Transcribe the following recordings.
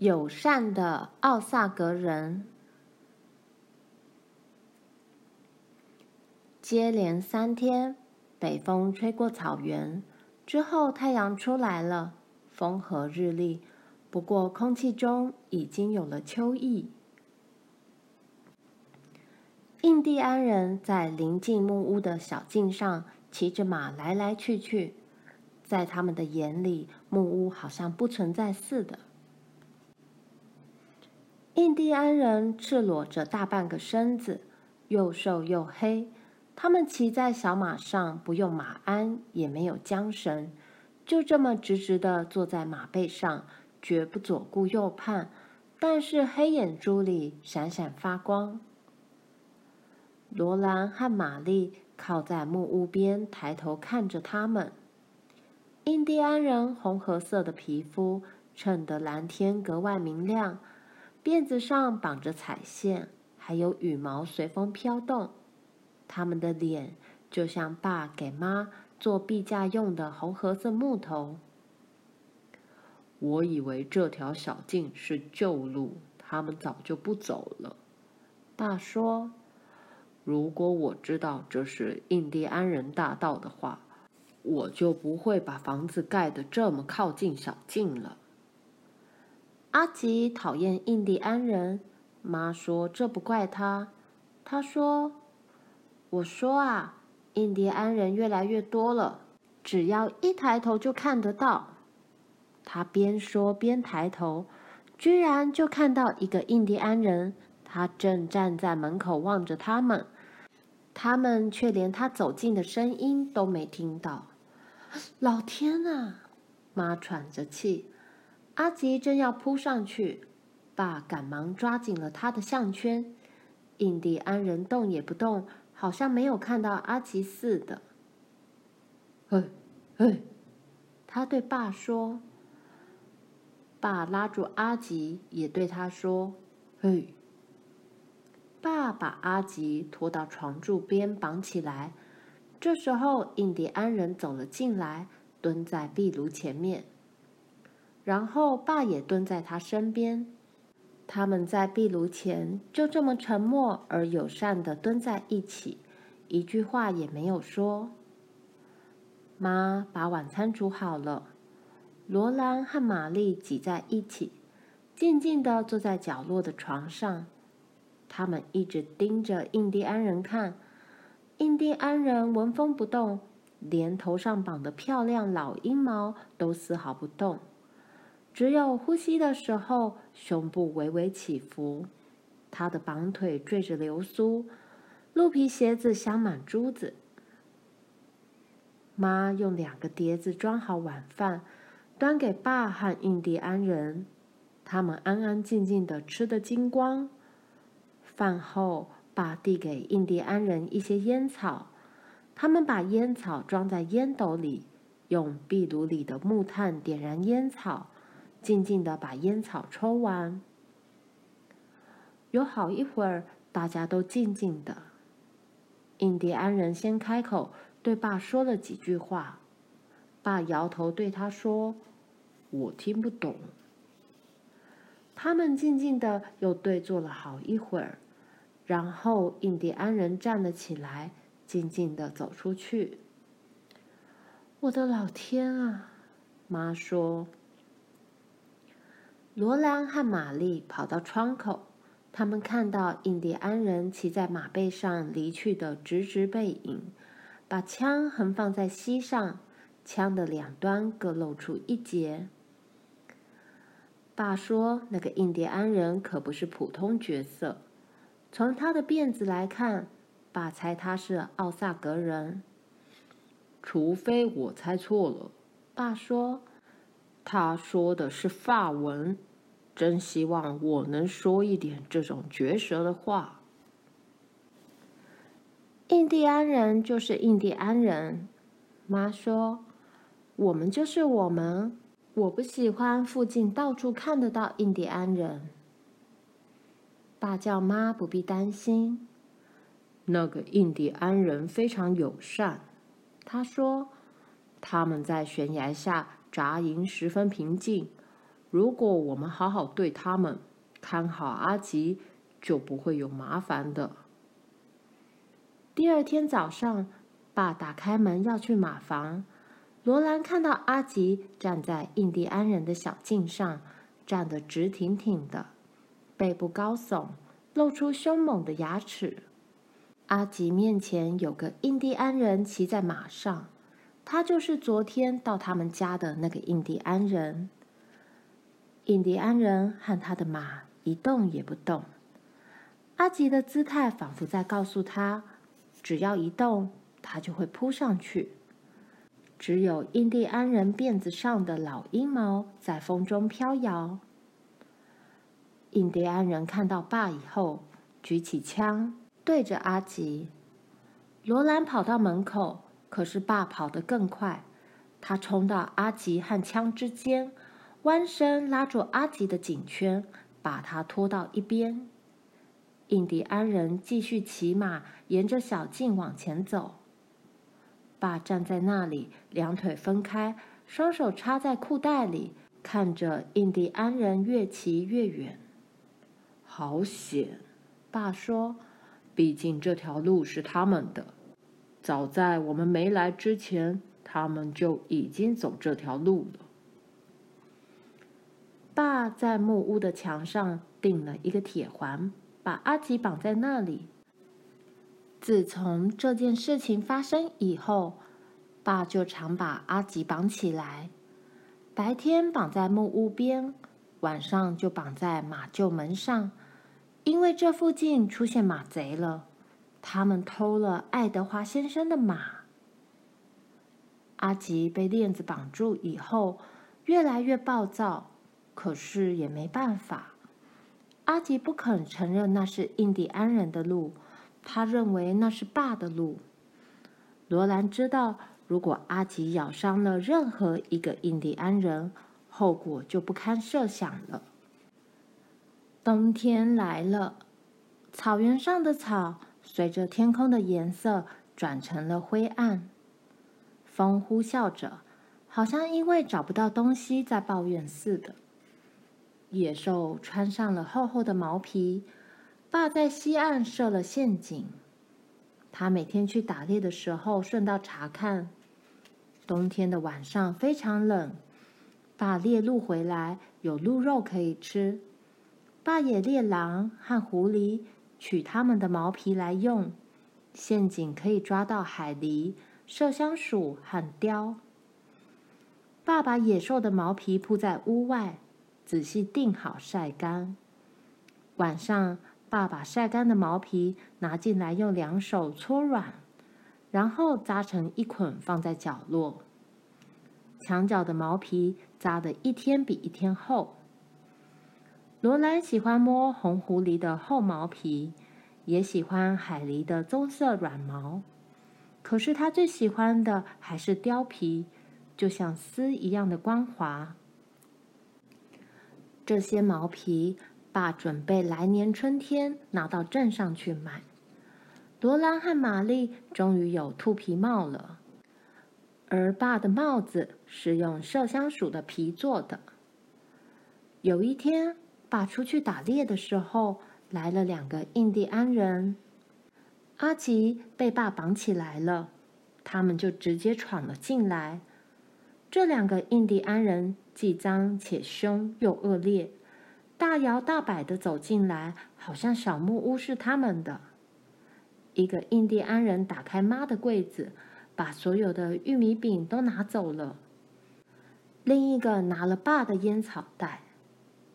友善的奧薩格人，接連三天北風吹過草原之後，太陽出來了，風和日麗。不過，空氣中已經有了秋意。印第安人在臨近木屋的小徑上騎着馬來來去去，在他們的眼裡，木屋好像不存在似的。印第安人赤裸着大半個身子，又瘦又黑。他們騎在小馬上，不用馬鞍，也沒有韁繩，就這麼直直地坐在馬背上，絕不左顧右盼。但是黑眼珠裡閃閃發光。羅蘭和瑪麗靠在木屋邊，抬頭看着他們。印第安人紅褐色的皮膚襯得藍天格外明亮。辮子上綁着彩線，還有羽毛隨風飄動。他們的臉就像爸給媽做壁架用的紅盒子木頭。我以為這條小徑是舊路，他們早就不走了。爸說：“如果我知道這是印第安人大道的話，我就不會把房子蓋得這麼靠近小徑了。”阿吉討厭印第安人。媽說：“這不怪他。”他說：“我說啊，印第安人越來越多了，只要一抬頭就看得到。”他邊說邊抬頭，居然就看到一個印第安人，他正站在門口望着他們。他們卻連他走近的聲音都沒聽到。老天啊！媽喘着氣。阿吉正要撲上去，爸趕忙抓緊了他的項圈。印第安人動也不動，好像沒有看到阿吉似的。嘿，嘿，他對爸說。爸拉住阿吉，也對他說：“嘿。”爸把阿吉拖到床柱邊綁起來。這時候，印第安人走了進來，蹲在壁爐前面。然後爸也蹲在他身邊，他們在壁爐前就這麼沉默而友善地蹲在一起，一句話也沒有說。媽把晚餐煮好了，羅蘭和瑪麗擠在一起，靜靜地坐在角落的床上，他們一直盯着印第安人看。印第安人紋風不動，連頭上綁的漂亮老鷹毛都絲毫不動。只有呼吸的時候，胸部微微起伏。他的綁腿綴着流蘇，鹿皮鞋子鑲滿珠子。媽用兩個碟子裝好晚飯，端給爸和印第安人。他們安安靜靜地吃得精光。飯後，爸遞給印第安人一些菸草，他們把菸草裝在菸斗裡，用壁爐裡的木炭點燃菸草。靜靜的把煙草抽完，有好一會兒，大家都靜靜的。印第安人先開口，對爸說了幾句話，爸搖頭對他說：“我聽不懂。”他們靜靜的又對坐了好一會兒，然後印第安人站了起來，靜靜的走出去。“我的老天啊！”媽說。羅蘭和瑪麗跑到窗口，他們看到印第安人騎在馬背上離去的直直背影，把槍橫放在膝上，槍的兩端各露出一截。爸說：“那個印第安人可不是普通角色，從他的辮子來看，爸猜他是奧薩格人。除非我猜錯了。”爸說：“他說的是法文。”真希望我能說一點這種絕舌的話。印第安人就是印第安人，媽說：“我們就是我們。”我不喜歡附近到處看得到印第安人。爸叫媽不必擔心，那個印第安人非常友善。他說：“他們在懸崖下扎營，十分平靜。”如果我們好好對他們，看好阿吉，就不會有麻煩的。第二天早上，爸打開門要去馬房，羅蘭看到阿吉站在印第安人的小徑上，站得直挺挺的，背部高聳，露出兇猛的牙齒。阿吉面前有個印第安人騎在馬上，他就是昨天到他們家的那個印第安人。印第安人和他的馬一動也不動。阿吉的姿態仿佛在告訴他：只要一動，他就會撲上去。只有印第安人辮子上的老鷹毛在風中飄搖。印第安人看到爸以後，舉起槍對着阿吉。羅蘭跑到門口，可是爸跑得更快，他衝到阿吉和槍之間。彎身拉住阿吉的頸圈，把他拖到一邊。印第安人繼續騎馬，沿着小徑往前走。爸站在那裡，兩腿分開，雙手插在褲袋裡，看着印第安人越騎越遠。好險，爸說，畢竟這條路是他們的。早在我們沒來之前，他們就已經走這條路了。爸在木屋的牆上釘了一個鐵環，把阿吉綁在那裡。自從這件事情發生以後，爸就常把阿吉綁起來。白天綁在木屋邊，晚上就綁在馬廄門上。因為這附近出現馬賊了，他們偷了愛德華先生的馬。阿吉被鏈子綁住以後，越來越暴躁。可是也沒辦法，阿吉不肯承認那是印第安人的路，他認為那是爸的路。羅蘭知道，如果阿吉咬傷了任何一個印第安人，後果就不堪設想了。冬天來了，草原上的草隨着天空的顏色轉成了灰暗，風呼嘯着，好像因為找不到東西在抱怨似的。野獸穿上了厚厚的毛皮，爸在西岸設了陷阱。他每天去打獵的時候，順道查看。冬天的晚上非常冷，爸獵鹿回來，有鹿肉可以吃。爸也獵狼和狐狸，取它們的毛皮來用。陷阱可以抓到海狸、麝香鼠和貂。爸把野獸的毛皮鋪在屋外。仔細定好，曬乾。晚上，爸把曬乾的毛皮拿進來，用兩手搓軟，然後紮成一捆，放在角落。牆角的毛皮紮得一天比一天厚。羅蘭喜歡摸紅狐狸的厚毛皮，也喜歡海狸的棕色軟毛。可是她最喜歡的還是貂皮，就像絲一樣的光滑。這些毛皮，爸準備來年春天拿到鎮上去賣。羅蘭和瑪麗終於有兔皮帽了，而爸的帽子是用麝香鼠的皮做的。有一天，爸出去打獵的時候，來了兩個印第安人，阿吉被爸綁起來了，他們就直接闖了進來。這兩個印第安人既髒且凶又惡劣，大搖大擺的走進來，好像小木屋是他們的。一個印第安人打開媽的櫃子，把所有的玉米餅都拿走了；另一個拿了爸的煙草袋。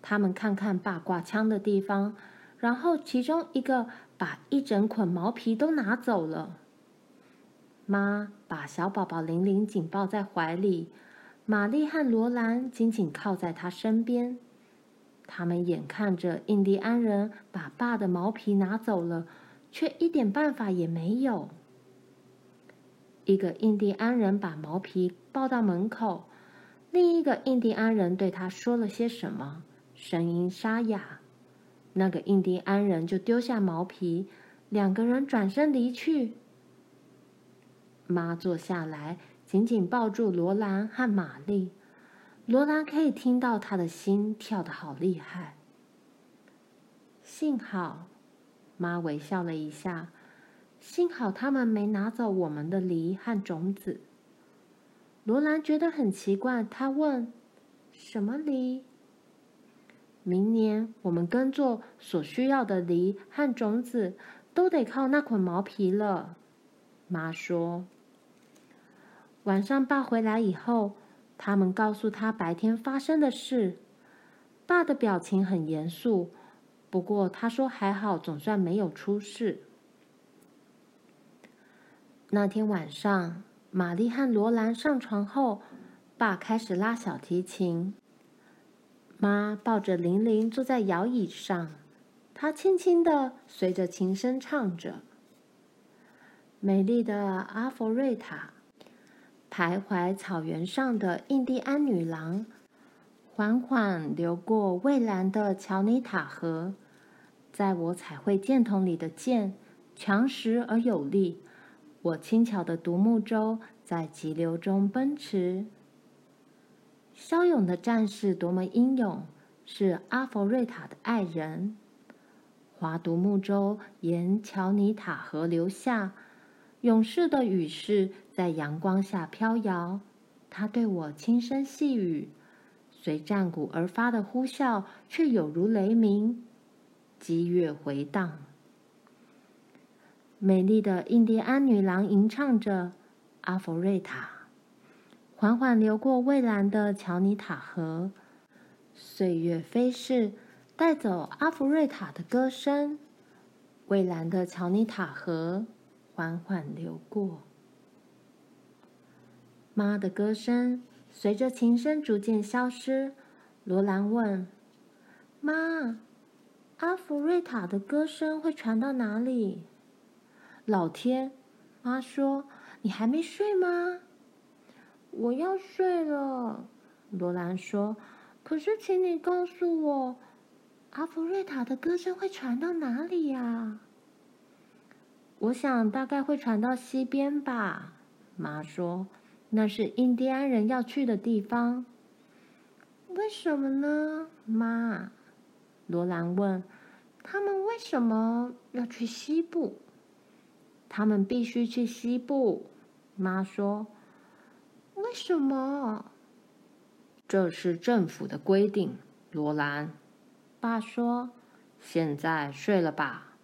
他們看看爸掛槍的地方，然後其中一個把一整捆毛皮都拿走了。媽把小寶寶玲玲緊抱在懷裡，瑪麗和羅蘭緊緊靠在她身邊。他們眼看着印第安人把爸的毛皮拿走了，卻一點辦法也沒有。一個印第安人把毛皮抱到門口，另一個印第安人對他說了些什麼，聲音沙啞。那個印第安人就丟下毛皮，兩個人轉身離去。媽坐下來，緊緊抱住羅蘭和瑪麗。羅蘭可以聽到她的心跳得好厲害。幸好，媽微笑了一下。幸好他們沒拿走我們的犁和種子。羅蘭覺得很奇怪，她問：“什麼犁？”“明年我們耕作所需要的犁和種子都得靠那捆毛皮了。”媽說。晚上，爸回來以後，他們告訴他白天發生的事。爸的表情很嚴肅，不過他說還好，總算沒有出事。那天晚上，瑪麗和羅蘭上床後，爸開始拉小提琴。媽抱着玲玲坐在搖椅上，她輕輕的隨着琴聲唱着：“美麗的阿佛瑞塔。”徘徊草原上的印第安女郎，緩緩流過蔚藍的喬尼塔河。在我彩繪箭筒裡的箭，強實而有力。我輕巧的獨木舟在急流中奔馳。驍勇的戰士多麼英勇，是阿佛瑞塔的愛人。划獨木舟沿喬尼塔河流下，勇士的羽飾。在陽光下飄搖，他對我輕聲細語。隨戰鼓而發的呼嘯，卻有如雷鳴，激越回盪。美麗的印第安女郎吟唱着《阿弗瑞塔》，緩緩流過蔚藍的喬尼塔河。歲月飛逝，帶走阿弗瑞塔的歌聲。蔚藍的喬尼塔河緩緩流過。媽的歌聲隨着琴聲逐漸消失。羅蘭問：“媽，阿福瑞塔的歌聲會傳到哪裡？”老天，媽說：“你還沒睡嗎？”我要睡了，羅蘭說。“可是，請你告訴我，阿福瑞塔的歌聲會傳到哪裡呀？”我想大概會傳到西邊吧，媽說。那是印第安人要去的地方。為什麼呢，媽？羅蘭問。他們為什麼要去西部？他們必須去西部。媽說。為什麼？這是政府的規定，羅蘭，爸說。現在睡了吧。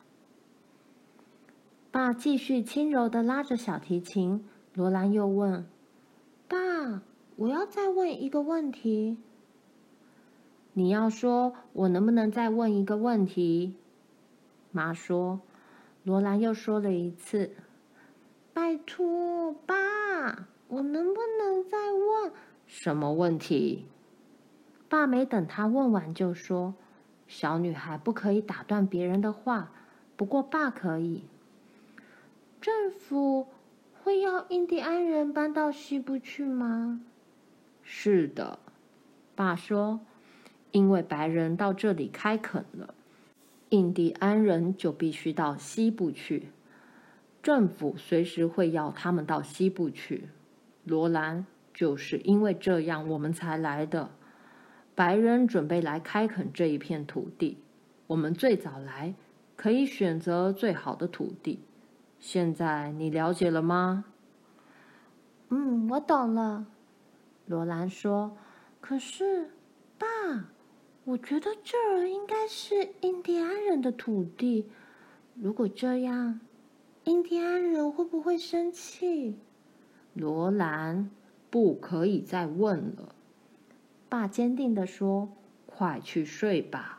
爸繼續輕柔的拉着小提琴。羅蘭又問。爸，我要再問一個問題。你要說，我能不能再問一個問題？媽說，羅蘭又說了一次：“拜托，爸，我能不能再問？”什麼問題？爸沒等她問完就說：“小女孩不可以打斷別人的話，不過爸可以。”政府。會要印第安人搬到西部去嗎？是的，爸說，因為白人到這裡開墾了，印第安人就必須到西部去。政府隨時會要他們到西部去。羅蘭就是因為這樣，我們才來的。白人準備來開墾這一片土地，我們最早來，可以選擇最好的土地。現在你了解了嗎？嗯，我懂了。羅蘭說：“可是，爸，我覺得這兒應該是印第安人的土地。如果這樣，印第安人會不會生氣？”羅蘭，不可以再問了。爸堅定地說：“快去睡吧。”